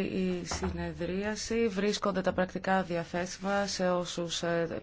η συνεδρίαση. Βρίσκονται τα πρακτικά διαθέσιμα σε όσους ε,